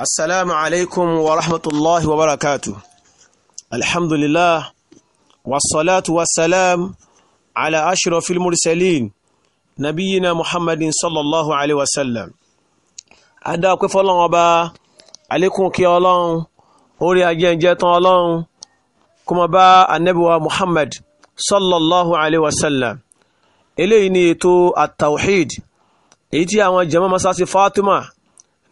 السلام عليكم ورحمة الله وبركاته الحمد لله والصلاة والسلام على أشرف المرسلين نبينا محمد صلى الله عليه وسلم ada pé fọlọ́n ọba àlékún kí ọlọ́run orí ajẹ́jẹ́ tán ọlọ́run kó mọ bá anabiwa muhammad sallallahu alayhi wa sallam eléyìí ni ètò at èyí tí àwọn jama masasi fatima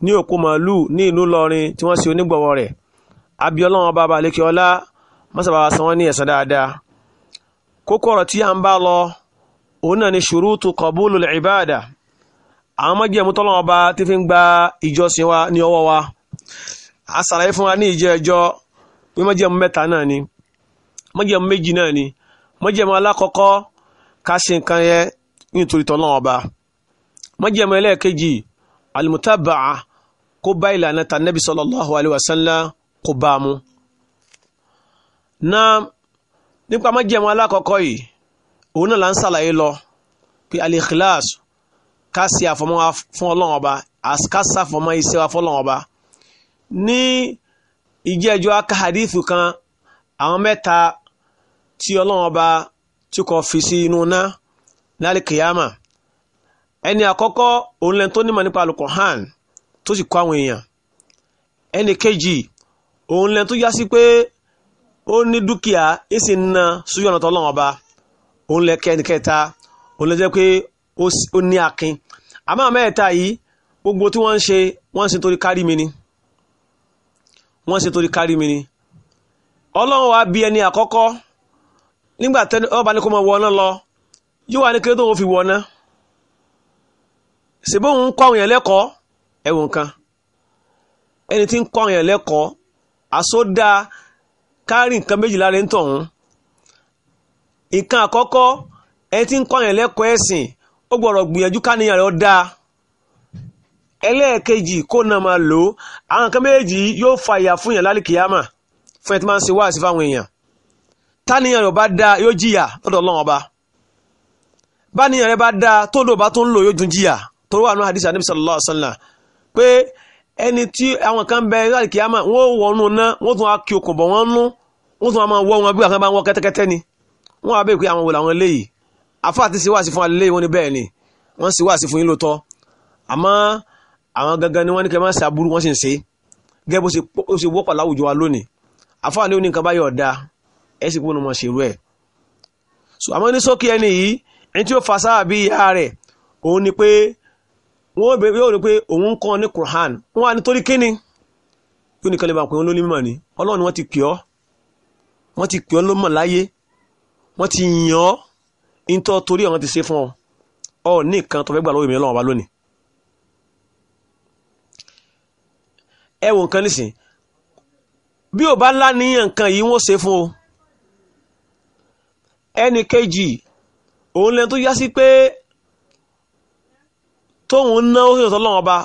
ní òkú màálù ní ìlú Ìlọrin tí wọ́n ṣe onígbọ̀wọ́ rẹ̀ abiọlọ́wọ́n bàbá lẹ́kẹ́ọ́lá mọ́sàbàbà san wọ́n ní ẹ̀san dáadáa kókó ọ̀rọ̀ tí a ń bá lọ òun náà ni ṣùrùtù kọ̀búlù ìbáàdà àwọn májẹ̀mú tọ́lọ́wọ́n bá ti fi ń gba ìjọsìn wa ní ọwọ́ wa a ṣàlàyé fún wa ní ìjẹ́ ẹjọ́ pé májẹ̀mú mẹ́ta náà ni májẹ̀mú méjì náà ni májẹ̀mú alákọ̀ọ́kọ́ ká ṣe nǹkan yẹn nítorí tọ́lọ́wọ́n bá májẹ̀mú ẹlẹ́ẹ̀kejì almutaba'a kó bá ìlànà ta nabi sallallahu alaihi wasallam kó bá mu na nípa májẹ̀mú alákọ̀ọ́kọ́ yìí òun náà là ń ṣàlàyé lọ pé al-ikhlas ká sí àfọmọ́ fún ọlọ́run ọba ká sàfọmọ́ iṣẹ́ wa fún ọlọ́run ọba ní ìjẹ́jọ́ aka hadithu kan àwọn mẹ́ta tí ọlọ́run ọba tí kò fi sí inú náà lálẹ́ kìyàmá ẹni àkọ́kọ́ òun lẹni tó nímọ̀ nípa alukoran tó sì kọ́ àwọn èèyàn ẹni kejì òun tó yá sí pé ó ní dúkìá sì na sójú ọ̀nà tọ́lọ́wọ́n ọba òun kẹ́ni kẹta òun jẹ́ pé ó ní akin àmọ́ mẹ́ẹ̀ta yìí gbogbo tí wọ́n ń ṣe wọ́n ń ṣe torí wa bí ẹni àkọ́kọ́ nígbà tẹ́ni ọba ní kó wọ náà lọ ṣe bóun ń kọ́ àwọn èèyàn lẹ́kọ̀ọ́ ẹ̀wọ̀n kan ẹni tí ń kọ́ àwọn èèyàn lẹ́kọ̀ọ́ nǹkan méjìlá ń nǹkan àkọ́kọ́ ẹni tí ń àwọn ẹ̀sìn ó gbọ́dọ̀ gbìyànjú káníyàn ó dáa ẹlẹ́ẹ̀kejì kó náà máa lò ó àwọn nǹkan méjì yóò fa ìyà fún èèyàn lálìkìyàmà fún ẹ tí máa ń fáwọn èèyàn táníyàn bá dáa yóò jìyà ọba bá dáa tó wà ní hadith anabi sallallahu alaihi wa sallam pé ẹni tí àwọn kan bẹ láì kíyàmà wọ́n wọnú ná wọ́n tún wá kí okùn bọ̀ wọ́n nú wọ́n tún wá máa wọ́ wọn bí àkànbá wọn kẹ́tẹ́kẹ́tẹ́ ni wọ́n wá bẹ́ẹ̀ pé àwọn wò làwọn eléyìí afa àti siwasi fún alẹ́ wọn ni bẹ́ẹ̀ ni wọ́n siwasi fún yín ló tọ́ àmọ́ àwọn gangan ni wọ́n ní kẹ́ máa ṣe aburú wọ́n sì ń ṣe gẹ́gẹ́ bó ṣe wọ́pọ̀ láwùjọ wa lónìí afa ni oní nǹkan so àmọ́ ní sókè ẹni yìí ẹni tí ó fa wọ́n bẹ̀rẹ̀ yóò rí pé òun ń kọ́ ní Qur'an wọ́n á ní torí kíni yóò nìkan lè bá pé òun ló ní mímọ̀ ni ọlọ́run wọ́n ti pè ọ́ wọ́n ti pè ọ́ ló mọ̀ láyé wọ́n ti yàn ọ́ ìtọ́ torí àwọn ti ṣe fún ọ ọ nìkan tó fẹ́ gbà lọ́wọ́ ìmìíràn ọba lónìí. ẹ wo nǹkan nísìn bí ò bá ńlá níyàn nǹkan yìí wọ́n ṣe fún o ẹnì kejì òun lẹ́nu tó yá sí pé tóun ná ó sì sọ lọ́wọ́ ọba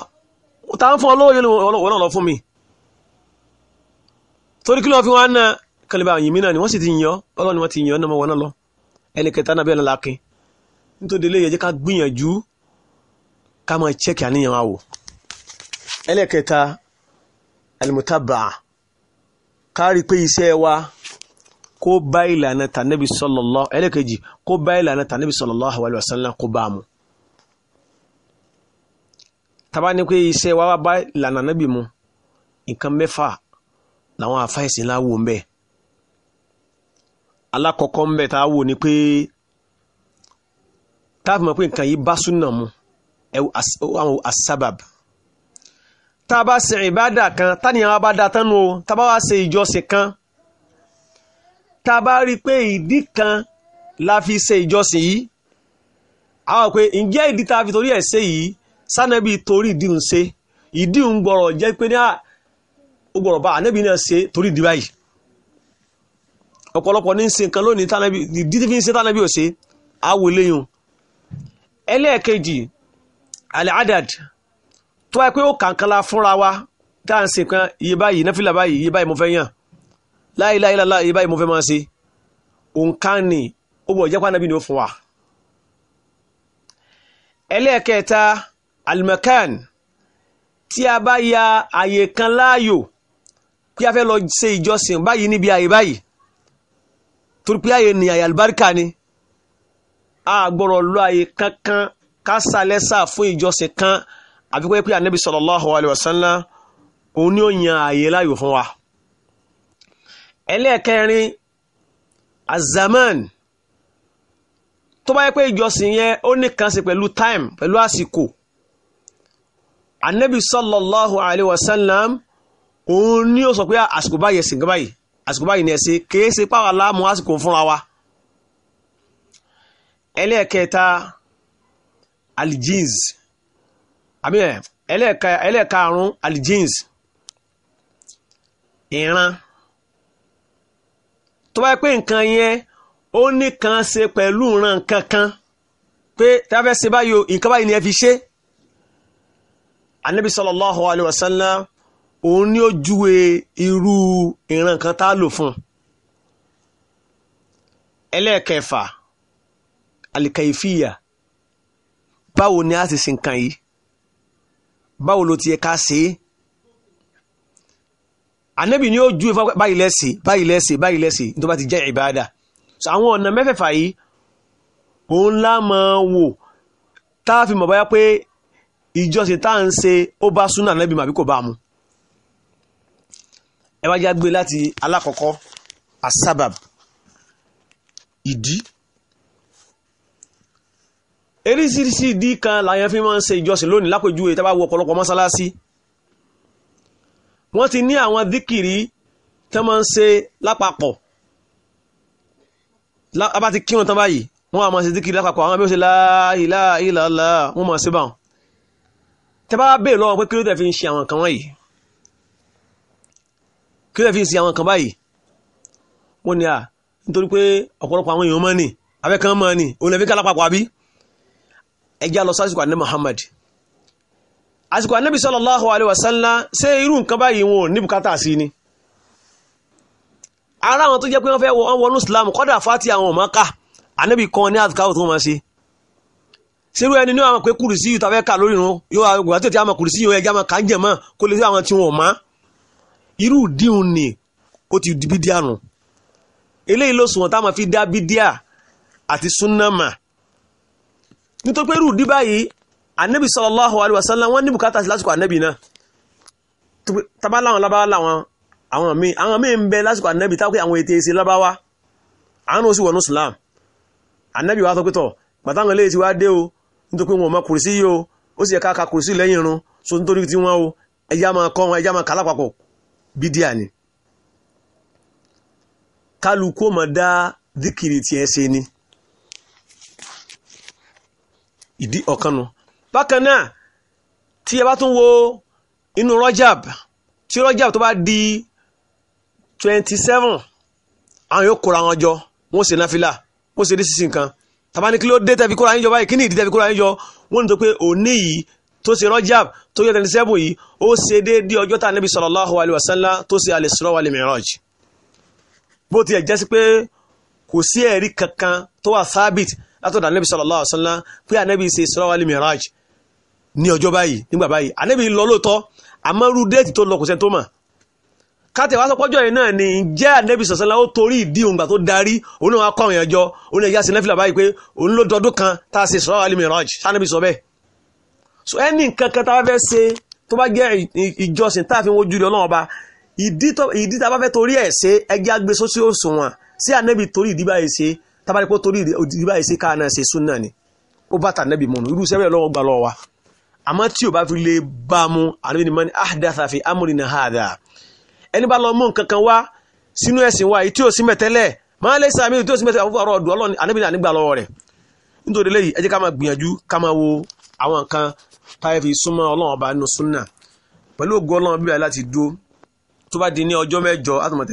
ta ń fún ọlọ́wọ́ yẹn wọ́n náà lọ fún mi torí kí ló fi wá ná kẹlẹ́bà yìí mí náà ni wọ́n sì ti yàn ọlọ́run ni wọ́n ti yàn náà wọ́n náà lọ ẹnì kẹta náà bẹ́ẹ̀ náà lákin nítorí ilé yẹn jẹ́ ká gbìyànjú ká máa chẹ́kì àníyàn wa ẹlẹ́kẹta alimutaba ká pé iṣẹ́ wa kó bá ìlànà tànẹ́bí sallallahu ẹlẹ́kẹjì kó bá ìlànà tànẹ́bí sallallahu alaihi wasallam kó bá a mu taba ni pé iṣẹ́ wa wá bá ìlànà nábì mu nǹkan mẹ́fà làwọn àfáìsì ńlá wò ń bẹ̀ alákọ̀ọ́kọ́ ń bẹ̀ tá a wò ni pé tá a fi mọ̀ pé nǹkan yìí bá súnà mu àwọn asábàb tá a bá ṣe ìbádà kan tánìyàn wa bá da tán nu o tá a bá wá ṣe ìjọsìn kan tá a bá rí kan la fi ṣe ìjọsìn yìí àwọn pé ǹjẹ́ ìdí tá fi torí ẹ̀ ṣe sanabi torí ìdíhùn ṣe ìdíhùn gbọ́rọ̀ jẹ́ pé ní ah, ó bá ànábì náà ṣe torí ìdí báyìí ọ̀pọ̀lọpọ̀ ní ṣe nǹkan lónìí tánàbí ìdí tí fi ń ṣe tánàbí ò ṣe àwò ẹlẹ́ẹ̀kejì al tó wáyé pé ó kàǹkanlá fúnra wa tá à ń ṣe nǹkan iye báyìí náfìlà báyìí iye báyìí mo fẹ́ yàn ni ó bọ̀ ni ó fún almakan tí a bá ya àyè kan láàyò pé a fẹ́ lọ ṣe ìjọsìn báyìí níbi àyè báyìí torí àyè ni àyè àlùbáríkà ni a gbọ́dọ̀ lọ àyè kankan ká sálẹ́sà fún ìjọsìn kan àfi kó yẹ pé anabi sallallahu alayhi wa sallam òun ni ó yan àyè láàyò fún wa. ẹlẹ́ẹ̀kẹrin azaman tó bá yẹ pé ìjọsìn yẹn ó ní kan pẹ̀lú time pẹ̀lú àsìkò anabi sallallahu alayhi wa sallam òun ni ó sọ pé àsìkò báyìí ẹ̀sìn kan báyìí àsìkò báyìí ni ẹ̀sìn kìí ṣe pàwọn aláàmú àsìkò fúnra wa. ẹlẹ́ẹ̀kẹta alijins àmì ẹ̀ ẹlẹ́ẹ̀karùn-ún alijins ìran tó bá yẹ pé nǹkan yẹn ó ní kan ṣe pẹ̀lú ìran kankan pé tá a fẹ́ ṣe báyìí o nǹkan báyìí ni ẹ fi ṣe é anabi sallallahu alayhi wa sallam òun ni ó júwe irú ìran kan tá a lò fún un ẹlẹ́ẹ̀kẹfà alikaifiya báwo ni a ti sin kan yìí báwo ló ti yẹ ká ṣe é anabi ni ó júwe báyìí lẹ́sìn báyìí lẹ́sìn báyìí lẹ́sìn nítorí bá ti jẹ́ ìbáadà so àwọn ọ̀nà mẹ́fẹ̀ẹ̀fà yìí òun lá máa wò tá a fi mọ̀ báyá pé ìjọsìn tá à ń ṣe ó bá súnà nẹ́bí màbí kò bá mu ẹ wá já gbé láti alákọ̀ọ́kọ́ asabab ìdí eríṣiríṣi ìdí kan làyẹn fi máa ń ṣe ìjọsìn lónìí lápèjúwe tá bá wo ọ̀pọ̀lọpọ̀ mọ́sálásí wọ́n ti ní àwọn díkìrí tán máa ń ṣe lápapọ̀ lábá ti kírun tán báyìí wọ́n á máa ṣe díkìrí lápapọ̀ àwọn bí ṣe la ilaha illallah wọ́n máa ṣe báwọn tẹ bá bèè lọ́wọ́ pé kí ló tẹ̀ fi ń ṣe àwọn kan wọ̀nyí kí ló tẹ̀ fi ń ṣe àwọn kan báyìí wọ́n ní à nítorí pé ọ̀pọ̀lọpọ̀ àwọn èèyàn mọ́ ni abẹ́kan mọ́ ni òun lẹ́fí kálápapọ̀ àbí ẹjá lọ sásìkò ànábì Muhammad àsìkò ànábì sallallahu alaihi wasallam ṣé irú nǹkan báyìí wọn ò ní bùkátà sí ni ara àwọn tó jẹ́ pé wọ́n fẹ́ wọ́n wọnú Islam kọ́dà fati àwọn ọ̀mọ́ká ànábì kan ní àtúkà tó máa ṣe serú ẹni ní àwọn pé kùrìsí yìí tàbí ẹ̀ka lórí irun yóò àwọn àti àwọn kùrìsí yìí ẹja máa kà ń jẹ̀ mọ́ kó lè sí àwọn tí wọ́n mọ́ irú díhun ni ó ti di bídíà nù eléyìí ló sùn wọn táwọn fi dá bídíà àti súnámà nítorí pé irú dí báyìí anabi sallallahu alayhi wa sallam wọn ní bùkátà sí lásìkò anabi náà tábà láwọn lábáwá láwọn àwọn míì àwọn míì ń bẹ lásìkò anabi táwọn pé àwọn ètè ìsìn lábáwá àwọn náà sì wọnú islam anabi wa sọ pé tọ pàtàkùn eléyìí ti wá dé o nítorí pé wọn ò mọ kùrìsí yìí o ó sì yẹ ká ka kùrìsí lẹ́yìn irun so nítorí tí wọ́n o ẹja máa kọ́ wọn ẹja máa kà lápapọ̀ bídíà ni kálukú ọmọ dá díkìrì tiẹ̀ ṣe ni ìdí ọ̀kan nu bákan náà tí ẹ bá tún wo inú Rajab tí Rajab tó bá di twenty seven àwọn yóò kóra wọn jọ wọ́n ṣe náfìlà wọ́n ṣe dé sísìn kan tàbá ní kí ló dé tẹ́fi kóra yín jọ báyìí kí ni ìdí tẹ́fi kóra yín jọ wọ́n ní tó pé òní yìí tó ṣe rọ́jàb tó yọ tẹ̀lẹ́sẹ́bù yìí ó ṣe déédéé ọjọ́ tá níbi sallallahu alaihi wasallam tó ṣe al-Isra wal-Mi'raj. bó tiẹ̀ jẹ́ sí pé kò sí ẹ̀rí kankan tó wà sábìt látọ̀dọ̀ níbi sallallahu alaihi wasallam pé ànábì ṣe Isra wal-Mi'raj ní ọjọ́ báyìí nígbà báyìí ànábì lọ lóòótọ́ àmọ́ rú déètì tó lọ kò sẹ́ni tó mọ̀ káti wá sọpọ́jọ́ yìí náà ni jẹ́ ànẹ́bí sọ̀sánlá ó torí ìdí òǹgbà tó darí òun náà wá kọ́ ìyẹn jọ òun náà yá sí nẹ́fìlà báyìí pé òun ló dọdún kan tá a ṣe sọ́ọ́ Al-Miraj sànẹ́bí sọ bẹ́ẹ̀. so ẹni nǹkan kan tá a bá fẹ́ ṣe tó bá jẹ́ ìjọsìn tá a fi wojú lọ náà ọba ìdí tá a bá fẹ́ torí ẹ̀ ṣe ẹgbẹ́ agbe sósì òṣùwọ̀n sí ànẹ́bí torí ìdí báyìí ṣe tá a bá rí pé torí ìdí báyìí ṣe ẹni bá lọ mú nǹkan kan wá sínú ẹ̀sìn wa yìí tí ò sí mẹ́tẹ́lẹ̀ máa lé sàmì tí ò sí mẹ́tẹ́lẹ̀ àfọwọ́ ọ̀dọ́ ọlọ́ni anábìnrin ànígbà lọ́wọ́ rẹ̀ nítorí lẹ́yìn ẹ jẹ́ ká máa gbìyànjú ká máa wo àwọn nǹkan táyẹ̀ fi súnmọ́ ọlọ́run ọba nínú súnà pẹ̀lú ògo ọlọ́run bíbá láti dó tó bá di ní ọjọ́ mẹ́jọ àtúmọ̀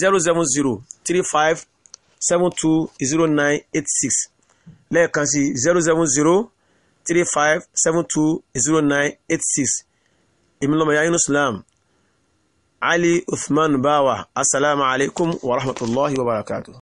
zero zero three five seven two zero nine eight six lẹ́ẹ̀kan sí zero seven zero three five seven two zero nine eight six èmi lọ́mọ ali uthman bawa asalaamualeykum wa rahmatulahi wa barakatu.